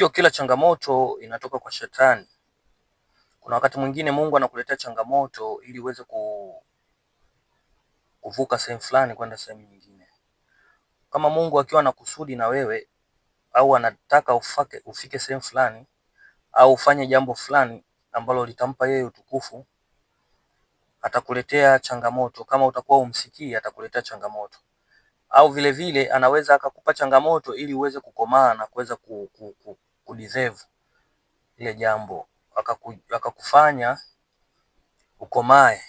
sio kila changamoto inatoka kwa shetani. Kuna wakati mwingine Mungu anakuletea changamoto ili uweze kuvuka sehemu fulani kwenda sehemu nyingine. Kama Mungu akiwa na kusudi na wewe au anataka ufake, ufike sehemu fulani au ufanye jambo fulani ambalo litampa yeye utukufu, atakuletea changamoto. Kama utakuwa umsikii, atakuletea changamoto au vilevile vile, anaweza akakupa changamoto ili uweze kukomaa na kuweza ku, ku, ku, kudeserve ile jambo, akakufanya ukomae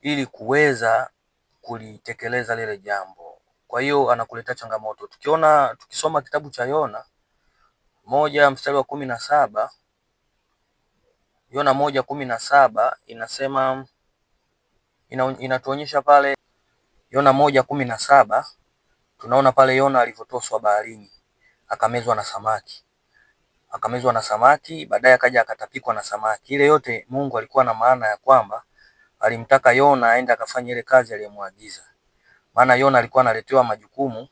ili kuweza kulitekeleza lile jambo. Kwa hiyo anakuletea changamoto. Tukiona tukisoma kitabu cha Yona moja mstari wa kumi na saba Yona moja kumi na saba inasema ina, inatuonyesha pale Yona moja kumi na saba tunaona pale Yona alivyotoswa baharini akamezwa na samaki akamezwa na samaki, baadaye akaja akatapikwa na samaki. Ile yote Mungu alikuwa na maana ya kwamba alimtaka Yona aende akafanye ile kazi aliyomwagiza, maana Yona alikuwa analetewa majukumu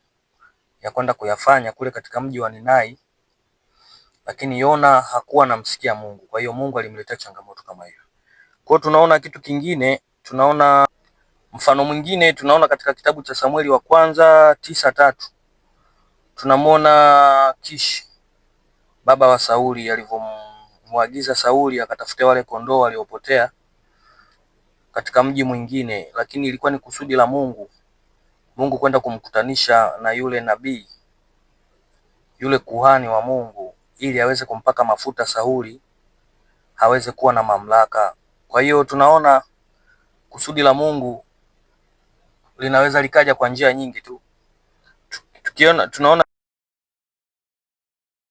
ya kwenda kuyafanya kule katika mji wa Ninai, lakini Yona hakuwa anamsikia Mungu. Kwa hiyo Mungu alimletea changamoto kama hiyo. Kwa tunaona kitu kingine, tunaona mfano mwingine, tunaona katika kitabu cha Samueli wa kwanza tisa tatu tunamwona Kishi Baba wa Sauli alivyomwagiza Sauli akatafute wale kondoo waliopotea katika mji mwingine, lakini ilikuwa ni kusudi la Mungu, Mungu kwenda kumkutanisha na yule nabii, yule kuhani wa Mungu, ili aweze kumpaka mafuta Sauli aweze kuwa na mamlaka. Kwa hiyo tunaona kusudi la Mungu linaweza likaja kwa njia nyingi tu. Tukiona tunaona